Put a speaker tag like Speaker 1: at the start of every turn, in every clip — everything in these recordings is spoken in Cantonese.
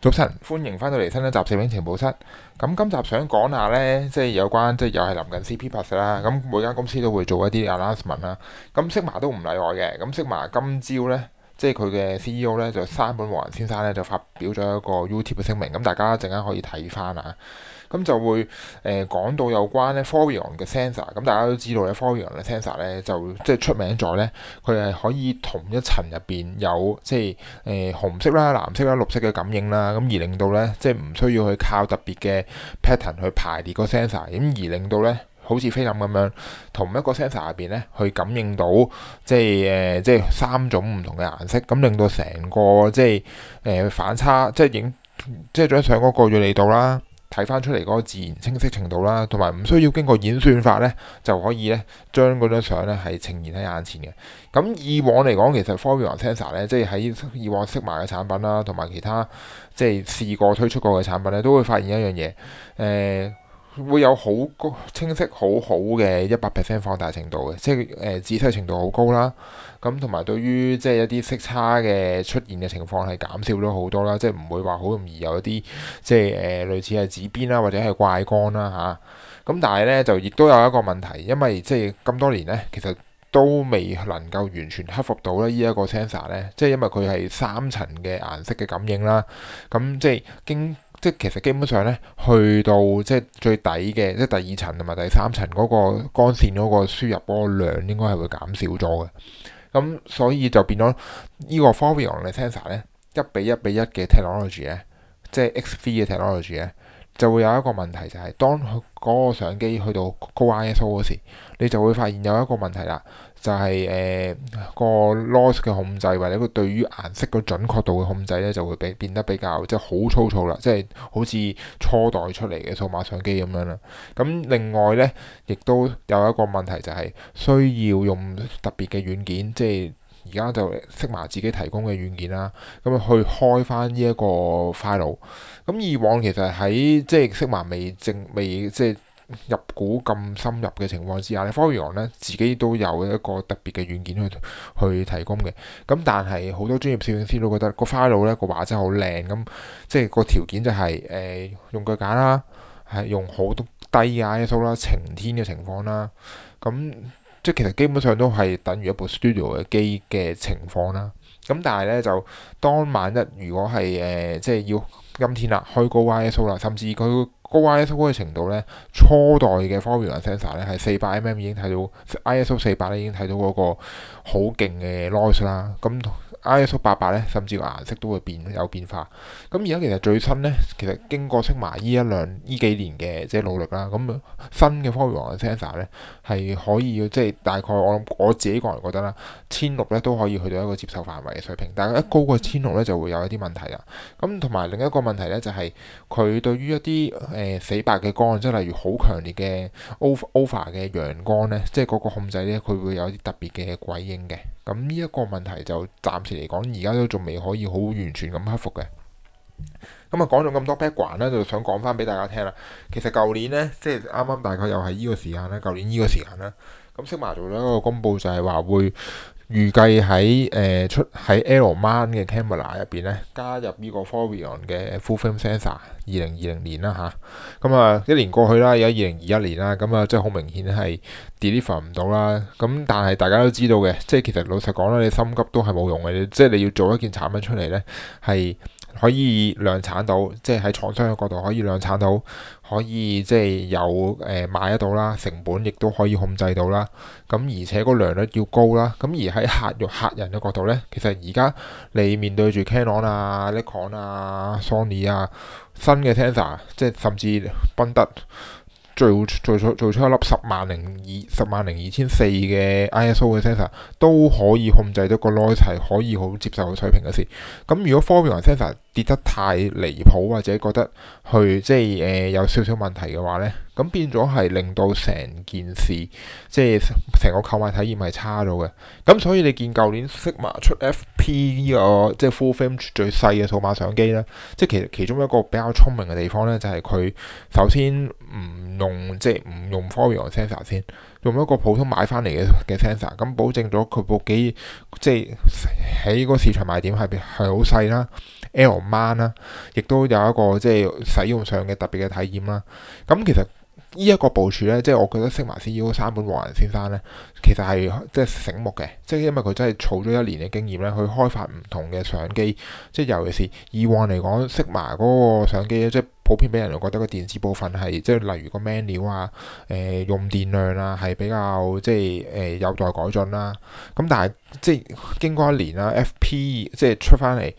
Speaker 1: 早晨，歡迎翻到嚟《新一集攝影情報室》。咁今集想講下呢，即係有關即係又係臨近 CP+ 啦。咁每間公司都會做一啲 announcement 啦。咁色麻都唔例外嘅。咁色麻今朝呢。即係佢嘅 CEO 咧，就山本和人先生咧，就發表咗一個 YouTube 嘅聲明，咁大家陣間可以睇翻啊。咁就會誒講、呃、到有關咧 Foveon 嘅 sensor，咁、啊、大家都知道咧 Foveon 嘅 sensor 咧，就即係出名咗咧，佢係可以同一層入邊有即係誒、呃、紅色啦、藍色啦、綠色嘅感應啦，咁而令到咧即係唔需要去靠特別嘅 pattern 去排列個 sensor，咁而令到咧。好似菲林咁樣，同一個 sensor 入邊咧，去感應到即係誒，即係三種唔同嘅顏色，咁令到成個即係誒反差，即係、呃、影即係張相嗰個鋭利度啦，睇翻出嚟嗰個自然清晰程度啦，同埋唔需要經過演算法咧，就可以咧將嗰張相咧係呈現喺眼前嘅。咁以往嚟講，其實 Foveon sensor 咧，即係喺以往識賣嘅產品啦、啊，同埋其他即係試過推出過嘅產品咧，都會發現一樣嘢，誒、呃。會有好高清晰好、好好嘅一百 percent 放大程度嘅，即係誒、呃、仔細程度好高啦。咁同埋對於即係一啲色差嘅出現嘅情況係減少咗好多啦，即係唔會話好容易有一啲即係誒、呃、類似係紫邊啦，或者係怪光啦嚇。咁、啊、但係咧就亦都有一個問題，因為即係咁多年咧，其實都未能夠完全克服到咧呢一個 sensor 咧，即係因為佢係三層嘅顏色嘅感應啦。咁即係經即係其實基本上咧，去到即係最底嘅，即係第二層同埋第三層嗰個光線嗰個輸入嗰個量應該係會減少咗嘅。咁所以就變咗呢個 Foveon sensor 咧，一比一比一嘅 technology 咧，即係 X3 嘅 technology 咧。就會有一個問題，就係、是、當佢嗰個相機去到高 ISO 嗰時，你就會發現有一個問題啦，就係、是、誒、呃嗰個 loss 嘅控制，或者佢對於顏色嘅準確度嘅控制咧，就會變變得比較即係好粗糙啦，即係好似初代出嚟嘅數碼相機咁樣啦。咁另外咧，亦都有一個問題、就是，就係需要用特別嘅軟件，即係。而家就 Sigma 自己提供嘅軟件啦，咁啊去開翻呢一個 file。咁以往其實喺、就是、即係 Sigma 未正未即係入股咁深入嘅情況之下，Foveon 咧自己都有一個特別嘅軟件去去提供嘅。咁但係好多專業攝影師都覺得個 file 咧，個畫質好靚咁，即係個條件就係、是、誒、呃、用腳架啦，係用好多低嘅 ISO 啦、晴天嘅情況啦，咁。即係其實基本上都係等於一部 studio 嘅機嘅情況啦。咁但係咧就當萬一如果係誒、呃、即係要陰天啦，開高 ISO 啦，甚至佢高，高 ISO 嘅程度咧，初代嘅 Foveon Sensor 咧係四百 mm 已經睇到 ISO 四百咧已經睇到嗰個好勁嘅 noise 啦。咁 ISO 800咧，甚至個顏色都會變有變化。咁而家其實最新咧，其實經過積埋呢一兩呢幾年嘅即係努力啦，咁新嘅 Foveon Sensor 咧係可以即係大概我諗我自己個人覺得啦，千六咧都可以去到一個接受範圍嘅水平。但係一高過千六咧就會有一啲問題啦。咁同埋另一個問題咧就係、是、佢對於一啲誒、呃、死白嘅光，即係例如好強烈嘅 over over 嘅陽光咧，即係嗰個控制咧，佢會有啲特別嘅鬼影嘅。咁呢一個問題就暫時嚟講，而家都仲未可以好完全咁克服嘅。咁啊講咗咁多 background 咧，就想講翻俾大家聽啦。其實舊年呢，即係啱啱大概又係呢個時間啦。舊年呢個時間咧，咁 Sigma 做咗一個公佈，就係話會。預計喺誒出喺 L Mount 嘅 camera 入邊咧，加入呢個 Foveon 嘅 Full Frame Sensor，二零二零年啦吓，咁啊、嗯、一年過去啦，而家二零二一年啦，咁、嗯、啊、嗯、即係好明顯係 deliver 唔到啦。咁、嗯、但係大家都知道嘅，即係其實老實講啦，你心急都係冇用嘅，即係你要做一件產品出嚟咧，係。可以量產到，即係喺廠商嘅角度可以量產到，可以即係有誒賣、呃、得到啦，成本亦都可以控制到啦。咁、嗯、而且個良率要高啦。咁、嗯、而喺客肉客人嘅角度呢，其實而家你面對住 Canon 啊、Nikon 啊、Sony 啊、新嘅 Sensor，即係甚至賓得。最好做出做，做出一粒十萬零二十萬零二千四嘅 ISO 嘅 sensor 都可以控制到個 noise 係可以好接受嘅水平嘅事。咁如果 Foveon sensor 跌得太離譜，或者覺得佢即係誒、呃、有少少問題嘅話咧，咁變咗係令到成件事即係成個購買體驗係差咗嘅。咁所以你見舊年 Sigma 出 FP 呢、這個即係 Full Frame 最細嘅數碼相機咧，即係其其中一個比較聰明嘅地方咧，就係、是、佢首先唔用即係唔用 Foveon sensor 先。用一個普通買翻嚟嘅嘅 sensor，咁保證咗佢部機，即係喺個市場賣點係係好細啦，L Mount 啦，亦都有一個即係使用上嘅特別嘅體驗啦。咁其實呢一個部署咧，即係我覺得色麻 CEO 山本和人先生咧，其實係即係醒目嘅，即係因為佢真係儲咗一年嘅經驗咧，去開發唔同嘅相機，即係尤其是以往嚟講色麻嗰個相機咧，即係。普遍俾人又覺得個電子部分係即係例如個 menu 啊、呃、誒用電量啊，係比較即係誒、呃、有待改進啦。咁但係即係經過一年啦，FP 即係出翻嚟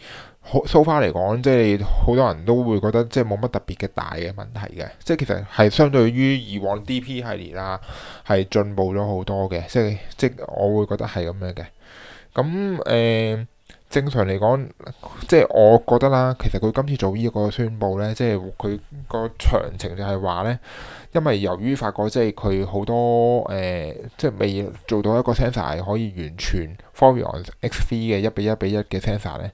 Speaker 1: ，so far 嚟講，即係好多人都會覺得即係冇乜特別嘅大嘅問題嘅。即係其實係相對於以往 DP 系列啦，係進步咗好多嘅。即係即我會覺得係咁樣嘅。咁誒。呃正常嚟講，即係我覺得啦，其實佢今次做呢個宣佈咧，即係佢個詳情就係話咧，因為由於發覺即係佢好多誒、呃，即係未做到一個 sensor 係可以完全 Foveon X3 嘅一比一比一嘅 sensor 咧，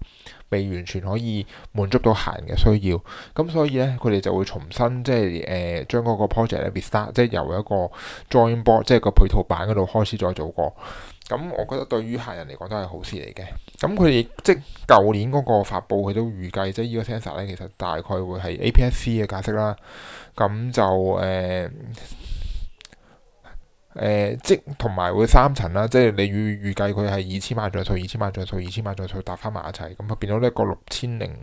Speaker 1: 未完全可以滿足到客人嘅需要。咁所以咧，佢哋就會重新即係誒將嗰個 project restart，即係由一個 join board，即係個配套版嗰度開始再做過。咁我覺得對於客人嚟講都係好事嚟嘅。咁佢哋即係舊年嗰個發布，佢都預計即係呢個 Sensor 咧，其實大概會係 APS-C 嘅解析啦。咁就誒誒、呃呃，即同埋會三層啦。即係你預預計佢係二千萬像素、二千萬像素、二千萬像素搭返埋一齊，咁就變咗一個六千零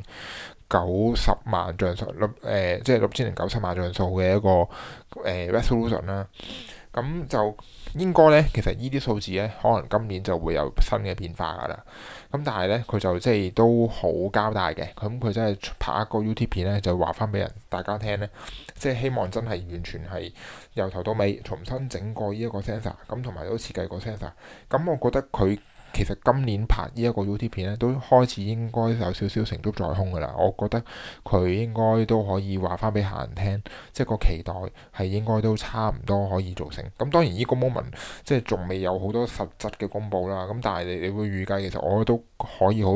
Speaker 1: 九十萬像素，咁誒，即係六千零九十萬像素嘅一,一個誒、呃呃、Resolution 啦。咁就應該咧，其實呢啲數字咧，可能今年就會有新嘅變化㗎啦。咁但係咧，佢就即係都好交代嘅。咁佢真係拍一個 YouTube 片咧，就話翻俾人大家聽咧，即係希望真係完全係由頭到尾重新整過呢一個 sensor，咁同埋都設計個 sensor。咁我覺得佢。其實今年拍 UT 呢一個 U T 片咧，都開始應該有少少成竹在胸㗎啦。我覺得佢應該都可以話翻俾客人聽，即係個期待係應該都差唔多可以做成。咁當然呢個 moment 即係仲未有好多實質嘅公布啦。咁但係你你會預計其實我都可以好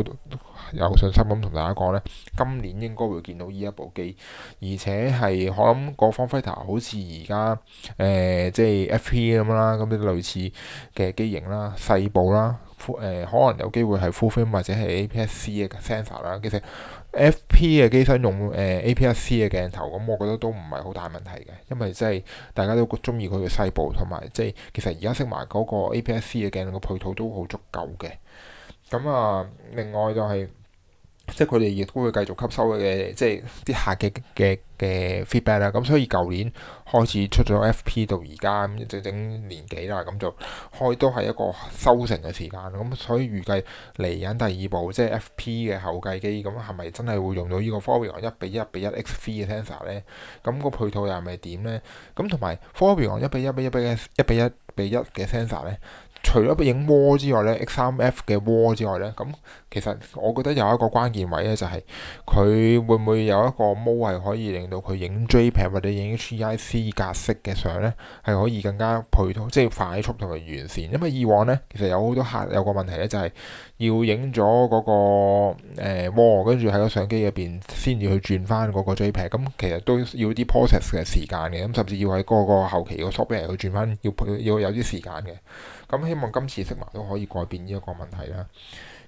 Speaker 1: 有信心咁同大家講咧，今年應該會見到呢一部機，而且係我諗個方 h a 好似而家誒即係 F P 咁啦，咁啲類似嘅機型啦、細部啦。誒、呃、可能有機會係 full frame 或者係 APS-C 嘅 sensor 啦，其實 FP 嘅機身用誒、呃、APS-C 嘅鏡頭，咁我覺得都唔係好大問題嘅，因為即係大家都鍾意佢嘅細部同埋即係其實而家識埋嗰個 APS-C 嘅鏡嘅配套都好足夠嘅，咁啊另外就係、是。即係佢哋亦都會繼續吸收嘅，即係啲客嘅嘅嘅 feedback 啦。咁所以舊年開始出咗 FP 到而家咁，整整年幾啦。咁就開都係一個收成嘅時間。咁所以預計嚟緊第二部即係 FP 嘅後繼機，咁係咪真係會用到呢個 Foveon 一比一比一 X3 嘅 sensor 咧？咁個配套又係咪點咧？咁同埋 Foveon 一比一比一比一比一比一嘅 sensor 咧？除咗影 RAW 之外咧，X3F 嘅 RAW 之外咧，咁其實我覺得有一個關鍵位咧，就係佢會唔會有一個模係可以令到佢影 JPEG 或者影 HEIC 格式嘅相咧，係可以更加配套，即係快速同埋完善。因為以往咧，其實有好多客有個問題咧，就係要影咗個誒 RAW，跟住喺個相機入邊先至去轉翻個 JPEG。咁其實都要啲 process 嘅時間嘅，咁甚至要喺個個後期個 software 去轉翻，要要有啲時間嘅。咁希望今次 Sigma 都可以改變呢一個問題啦。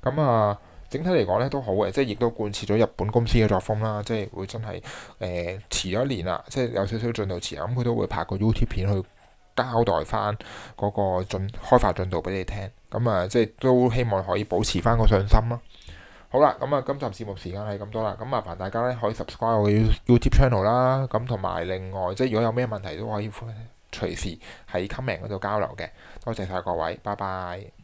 Speaker 1: 咁、嗯、啊，整體嚟講咧都好嘅，即係亦都貫徹咗日本公司嘅作風啦。即係會真係誒、呃、遲咗一年啦，即係有少少進度遲。咁佢都會拍個 YouTube 片去交代翻嗰個進開發進度俾你聽。咁、嗯、啊，即係都希望可以保持翻個信心咯。好啦，咁、嗯、啊，今集節目時間係咁多啦。咁麻煩大家咧可以 subscribe 我嘅 YouTube channel 啦。咁同埋另外，即係如果有咩問題都可以。隨時喺 comment 嗰度交流嘅，多謝晒各位，拜拜。